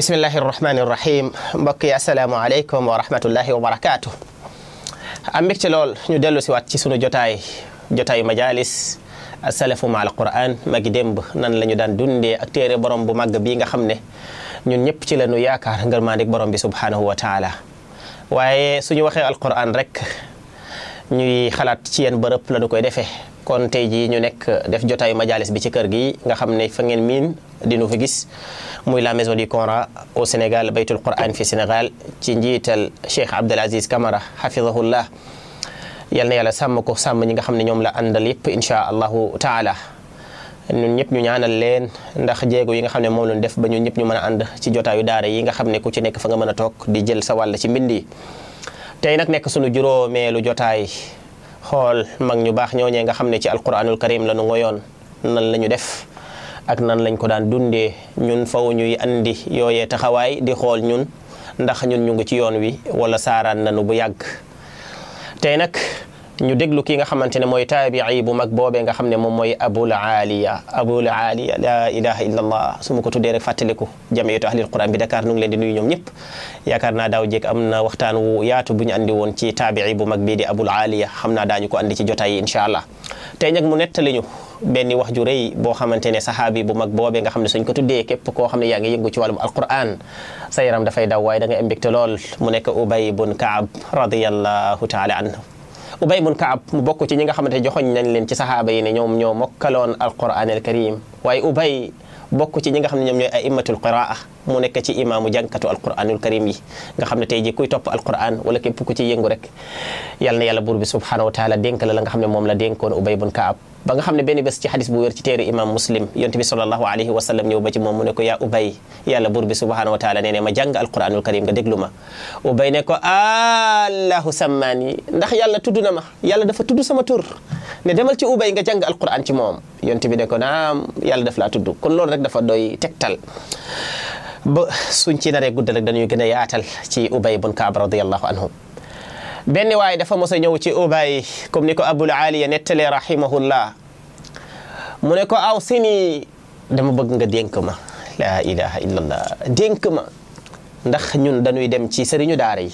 bismillahi rahmaani rahim mbokk yi asalaamaaleykum wa rahmatullahi wa barakaatu. am mbégte lool ñu dellu si ci sunu jotaay jotaayu majalis asalafu ma alquran magi démb nan lañu daan dundee ak téere borom bu màgg bii nga xam ne ñun ñëpp ci la ñu yaakaar ngërmandik borom bi subhanahu su taala waxee alquran rek. ñuy xalaat ci yenn bërëb la ñu koy defee kon tey jii ñu nekk def jotaayu majalis bi ci kër gi nga xam ne fa ngeen miin dina fa gis muy la maison du Coran au Sénégal baytul Quran fi Sénégal ci njiital Cheikh Abdel Aziz Camara hafidahullah yal na yàlla sàmm ko sàmm ñi nga xam ne ñoom la àndal yëpp inchaa allahu taala ñun ñëpp ñu ñaanal leen ndax jéego yi nga xam ne moom lañ def ba ñëpp ñu mën a ànd ci jotaayu daara yi nga xam ne ku ci nekk fa nga mën a toog di jël sa wàll ci mbind yi tey nag nekk sunu juróomeelu jotaay xool mag ñu baax ñooñee nga xam ne ci alquranul karim la nu ngoyoon nan la ñu def ak nan lañ ko daan dundee ñun faw ñuy andi yooyee taxawaay di xool ñun ndax ñun ñu ngi ci yoon wi wala saaraan nanu bu yàgg tey nag ñu déglu ki nga xamante ne mooy taabii bu mag boobee nga xam ne moom mooy abul aaliya abul aaliya la ilaha illa allah su ma ko tuddee rek fàttaliku jamiyatu ahlil quran bi Dakar nu ngi leen di nuyu ñoom ñëpp yaakaar naa daaw jéeg na waxtaan wu yaatu bu ñu woon ci taabii bu mag bii di abul aaliya xam naa daañu ko andi ci jotaay yi incha allah tey nag mu nettali ñu benn wax ju rëy boo xamante ne sahaabi bu mag boobee nga xam ne suñ ko képp koo xam ne yaa ngi yëngu ci wàllum alquran sa yaram dafay daw waaye da nga mbégte lool mu nekk ubay bun kaab radiyallahu taala anhu ubay bun kaab mu bokk ci ñi nga xamante joxoñ nañ leen ci saxaaba yi ne ñoom ñoo mokkaloon alquran al karim waaye ubay bokk ci ñi nga xam ne ñoom ñooy aimatul qiraa mu nekk ci imaamu jàngkatu alquranul karim yi nga xam ne tey ji kuy topp alquran wala képp ku ci yëngu rek yal na yàlla buur bi subhanahu wa taala dénk la la nga xam ne moom la dénkoon ubay bun kaab ba nga xam ne benn bés ci xadis bu wér ci téere imam muslim yonte bi salallahu alayhi wa sallam ñëw ba ci moom mu ne ko yaa ubay ne ma jàng alquranul ubay ne ko allahu sammaani ndax yàlla tudd na ma yàlla dafa tudd sama tur ne demal ci ubay nga jàng alquran ci moom yonte bi ne ko naam yàlla daf laa tudd kon loolu rek dafa doy tegtal ba suñ ci naree guddal dañuy gën a yaatal ci ubay bun kaab radiallahu anhu benn waay dafa mos a ñëw ci ubay comme ni ko abul aliya nettalee rahimahullah mu ne ko aw sini dama bëgg nga dénk ma la ilaha dénk ma ndax ñun dañuy dem ci sëriñu daara yi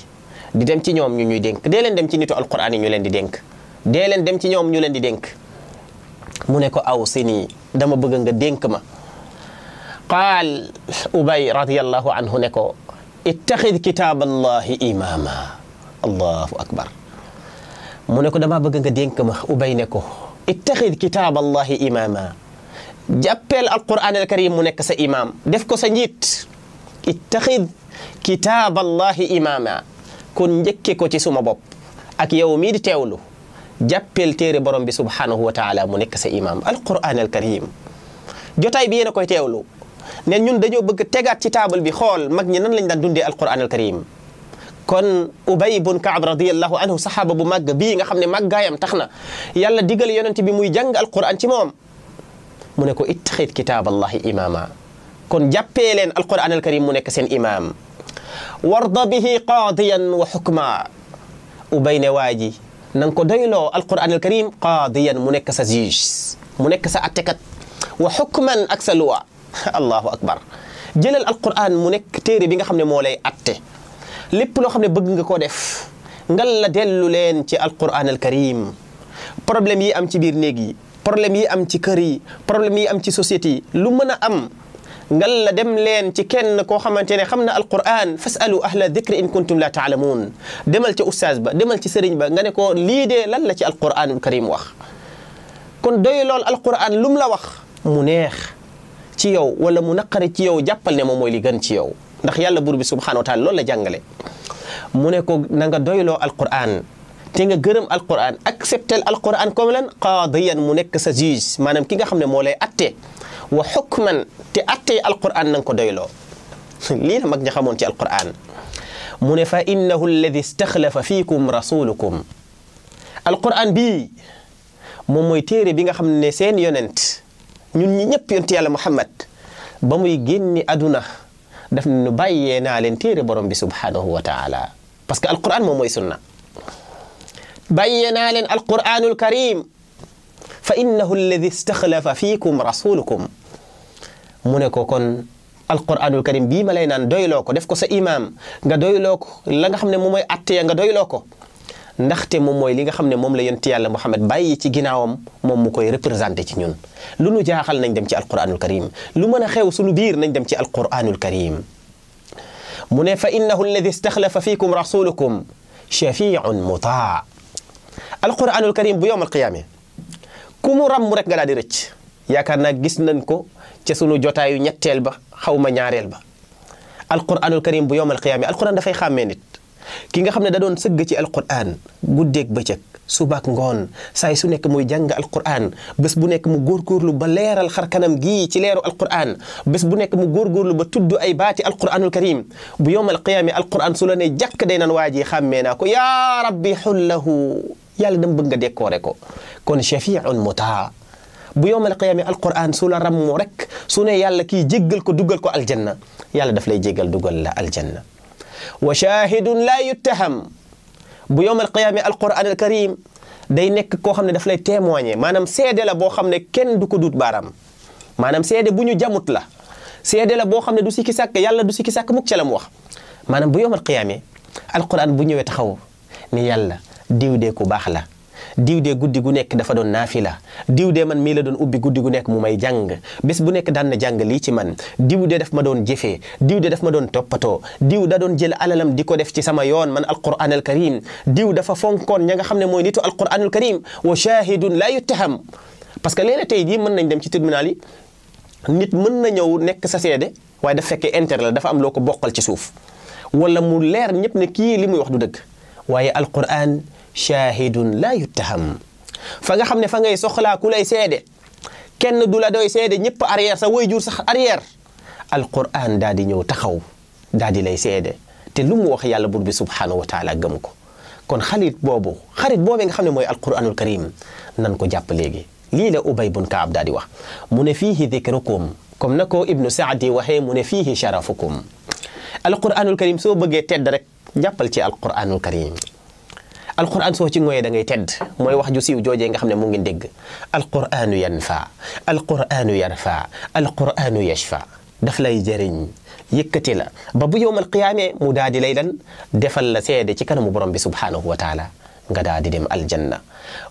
di dem ci ñoom ñu ñuy dénk dee leen dem ci nitu alquran yi ñu leen di dénk dee dem ci ñoom ñu leen di dénk mu ne ko aw si nii dama bëgg nga dénk ma qaal ubay radiallahu anhu ne ko ittaxid kitaab allahi imaama allahu akbar mu ne ko damaa bëgg nga dénk ma ubay ne ko ittaxid kitaab allahi imaama jàppeel alquran al karim mu nekk sa imaam def ko sa njiit ittaxid kitaab allahi imaama kon njëkke ko ci suma bopp ak yow mii di teewlu jàppeel téere borom bi subhanahu wa taala mu nekk sa imaam alquran al karim jotaay bi yéen a koy teewlu ne ñun dañoo bëgg tegaat ci taabal bi xool mag ñi nan lañ daan dundee alquran al karim kon ubay bun kaab radiallahu anhu saxaaba bu màgg bii nga xam ne màggaayam tax na yàlla digal yonent bi muy jàng alquran ci moom mu ne ko ittaxid kitaab allahi imaama kon jàppee leen alquran al karim mu nekk seen imaam warda bihi qaadiyan wa xukma ubay ne waa ji na nga ko doyloo alquran al karim qaadiyan mu nekk sa juge mu nekk sa attekat wa xukman ak sa luwa allahu akbar jëlal alquran mu nekk téere bi nga xam ne moo lay atte lépp loo xam ne bëgg nga koo def ngal la dellu leen ci alquran al karim problème yi am ci biir néeg yi problème yi am ci kër yi problème yi am ci société yi lu mën a am ngal la dem leen ci kenn koo xamante ne xam na alquran fasalu ahla dikri in kuntum la taalamuun demal ci oustaz ba demal ci sëriñ ba nga ne ko lii dee lan la ci alquranul karim wax kon doy lool alquran lum la wax mu neex ci yow wala mu naqari ci yow jàppal ne moom mooy li gën ci yow ndax yàlla buur bi subhanahu wa taala loolu la ne ko na nga doyloo alquran te nga gërëm alquran acceptel alquran comme lan qaadiyan mu nekk sa juge maanaam ki nga xam moo lay atte wa xukman te attey alquran na ko doyloo lii la mag xamoon ci alquran mu ne fa innahu alladi istaxlafa fiikum rasulukum alquran bii moom mooy téere bi nga xam ne seen yonent ñun ñi ñëpp yonti yàlla Muhammad ba muy génni aduna def nu bàyyee naa leen téere borom bi subhanahu wa taala parce que alquran moom mooy sunna bàyyee naa leen alquranul karim fa innahu alladi istaxlafa fiikum rasulukum mu ne ko kon alquranul karim bii ma lay naan doyloo ko def ko sa imaam nga doyloo ko la nga xam ne moom mooy atte ya nga doyloo ko ndaxte mom moy li nga xamne mom la yent yàlla Muhammad bàyyi ci ginaawam mom mu koy representer ci ñun lu nu jaaxal nañ dem ci alquranul karim lu meuna xew suñu biir nañ dem ci alquranul karim mune fa innahu alladhi istakhlafa fikum rasulukum shafiun muta' alquranul karim bu yowm alqiyamah kumu ram rek nga la di rëcc yaakaar naa gis nañ ko ci sunu jotaayu ñettel ba xawma ñaarel ba alquranul karim bu yowm alqiyaame alquran dafay xàmmee nit ki nga xam ne dadoon doon sëgg ci alquran guddeeg bëccëg subaak ngoon say su nekk muy jàng alquran bés bu nekk mu góorgóorlu ba leeral xarkanam gii ci leeru alquran bés bu nekk mu góorgóorlu ba tudd ay baati alquranul karim bu yowmal qiyaami alquran su la ne jàkk day naan waa ji xàmmee naa ko yaa rabbi xullahu yàlla dama bëgg nga décorer ko kon shafiun mutaa bu yowmal qiyaami alquran su la rammu rek su ne yàlla kii jéggal ko dugal ko aljanna yàlla daf lay jéggal dugal la aljanna wa shahidun la yuttaham bu yowm al qiyaama alquran al karim day nekk koo xam ne daf lay témoigner maanaam seede la boo xam ne kenn du ko duut baaraam maanaam seede bu ñu jamut la seede la boo xam ne du sikki sàkk yàlla du sikki sàkk mukk ca mu wax maanaam bu yowm al qiyaama alquran bu ñëwee taxaw ni yàlla diw dee ku baax la diw dee guddi gu nekk dafa doon naafila diw dee man mii la doon ubbi guddi gu nekk mu may jàng bés bu nekk daan na jàng lii ci man diw dee daf ma doon jëfee diw dee daf ma doon toppatoo diw da doon jël alalam di ko def ci sama yoon man alquran al diw dafa fonkoon ña nga xam ne mooy nitu alquran al karim wa shahidun la yuttaham parce que léeg tey jii mën nañ dem ci tribunal yi nit mën na ñëw nekk sa seede waaye dafa fekkee intere la dafa am loo ko bokkal ci suuf walla mu leer ñëpp ne kii li muy wax du dëgg waaye alquran shahidun la yuttaham fa nga xam ne fa ngay soxlaa ku lay seede kenn du la doy seede ñëpp arrière sa way jur sax arrière alquran daal ñëw taxaw daal di lay seede te lu mu wax yàlla bur bi subhanahu wa taala gëm ko kon xarit boobu xarit boobee nga xam ne mooy alquranul karim nan ko jàpp léegi lii la ubay bun kaab daal di wax mu ne fiihi dikrukum comme na ko ibnu saadi waxee mu ne fiihi sharafukum alquranul karim soo bëggee tedd rek jàppal ci alquranul karim alquran soo ci ngoyee da tedd mooy wax ju siiw joojee nga xam ne mu ngi dégg alquranu yanfa alquranu yarfa alquranu yashfa daf lay jëriñ yëkkati la ba bu yowmal qiyaamee mu daal di lay lan defal la seede ci kanamu borom bi subhaanahu wa nga daal di dem aljanna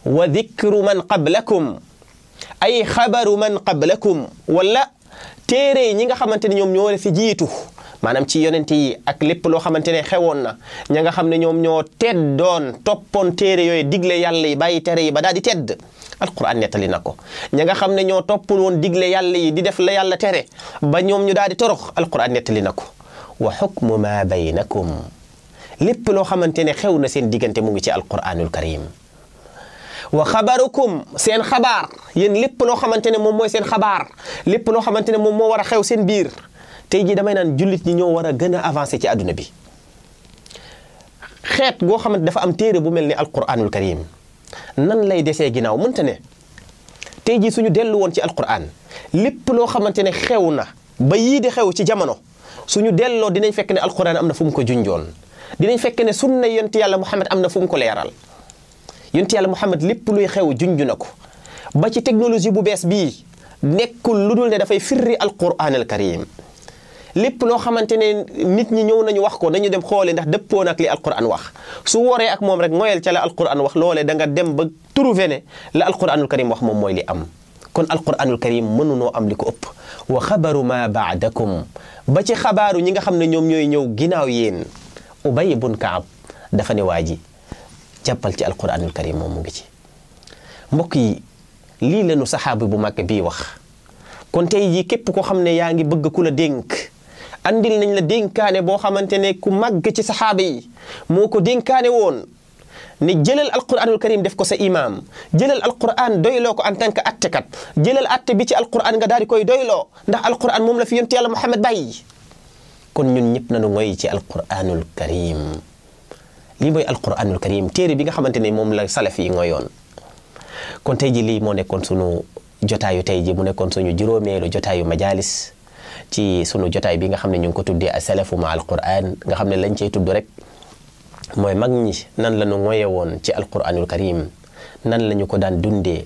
wa dikru man qablakum ay xabaru man qablakum walla téere ñi nga xamante ni ñoom ñoo la fi jiitu manam ci yonenti yi ak lépp lo xamantene xewon na ña nga xam ne tedd doon toppoon digle yàlla yi bàyyi tere yi ba daal tedd alquran nettali na nga xam ne digle yàlla yi di def la yàlla tere ba ñom ñu daal torox alquran nettali na wa hukmu ma baynakum lépp lo xamantene xew na seen digënté mu ngi ci alquranul karim wa khabarukum sen khabar yen lépp lo xamantene mom moy sen khabar lépp lo xamantene mom mo wara xew sen bir tey jii damay naan jullit ñi ñoo war a gën a avancé ci àdduna bi xeet goo xamante dafa am téere bu mel ni alquranul karim nan lay desee ginnaaw mënta ne tey jii suñu dellu woon ci alquran lépp loo xamante ne xew na ba yii di xew ci jamono suñu delloo dinañ fekk ne alquran am na fu mu ko junjoon dinañ fekk ne sunna yonti yàlla muhammad am na fu mu ko leeral yonti yàlla muhammad lépp luy xew junj na ko ba ci technologie bu bees bii nekkul lu dul ne dafay firri alquran al lépp loo xamante ne nit ñi ñëw nañu wax ko nañu dem xoole ndax dëppoo na ak li wax su woree ak moom rek ngoyal ca la alquran wax loole da nga dem ba trouvé ne la alquranul karim wax moom mooy li am kon alquranul karim mënunoo am li ko ëpp wa xabaru ma baadakum ba ci xabaaru ñi nga xam ne ñoom ñooy ñëw ginnaaw yéen ubay bun kaab dafa ne waa ji jàppal ci alquranul karim moom mu ngi ci mbokk yi lii lañu saxaabi bu mag bii wax kon tey jii képp koo xam ne yaa ngi bëgg ku dénk andil nañ la dénkaane boo xamante ne ku màgg ci saxaaba yi moo ko dénkaane woon ne jëlal alquranul karim def ko sa imaam jëlal alquran doyloo ko en tant que attekat jëlal atte bi ci alquran nga daal di koy doyloo ndax alquran moom la fi yonent yàlla Muhammad bàyyi kon ñun ñëpp nañu ngoy ci alquranul karim lii mooy alquranul karim téere bi nga xamante ne moom la salaf yi ngoyoon kon tey ji lii moo nekkoon sunu jotaayu tey ji mu nekkoon suñu juróomeelu jotaayu majalis ci sunu jotaay bi nga xam ne ñu ko tuddee a salafu ma alquran nga xam ne lañ cey tudd rek mooy mag ñi nan la ñu woon ci alquranul karim nan la ko daan dundee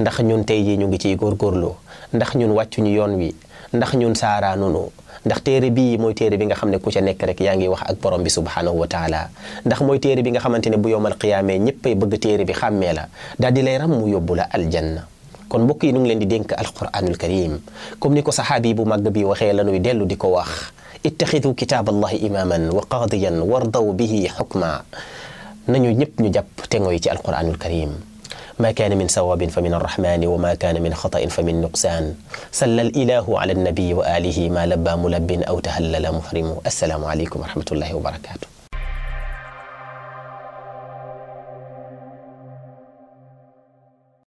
ndax ñun tey jii ñu ngi ciy góorgóorlu ndax ñun ñu yoon wi ndax ñun saaraanunu ndax téere bii mooy téere bi nga xam ne ku ca nekk rek yaa ngi wax ak borom bi subhanahu wa taala ndax mooy téere bi nga xamante ne bu yowmal qiyaamee ñëppay bëgg téere bi xàmmee daal di ram mu yóbbu la aljanna kon mbokk yi nu ngi leen di dénk alquranul karim comme ni ko saxaabi bu mag bi waxee la nuy dellu di ko wax ittaxidu allahi imaman wa qadiyan wardaw bihi xukma nañu ñëpp ñu jàpp tengoy ci alquranul karim ما كان من ثواب فمن الرحمن وما كان من خطأ فمن نقصان سل الإله على النبي وآله ما لبى ملب أو تهلل محرم السلام عليكم ورحمة الله وبركاته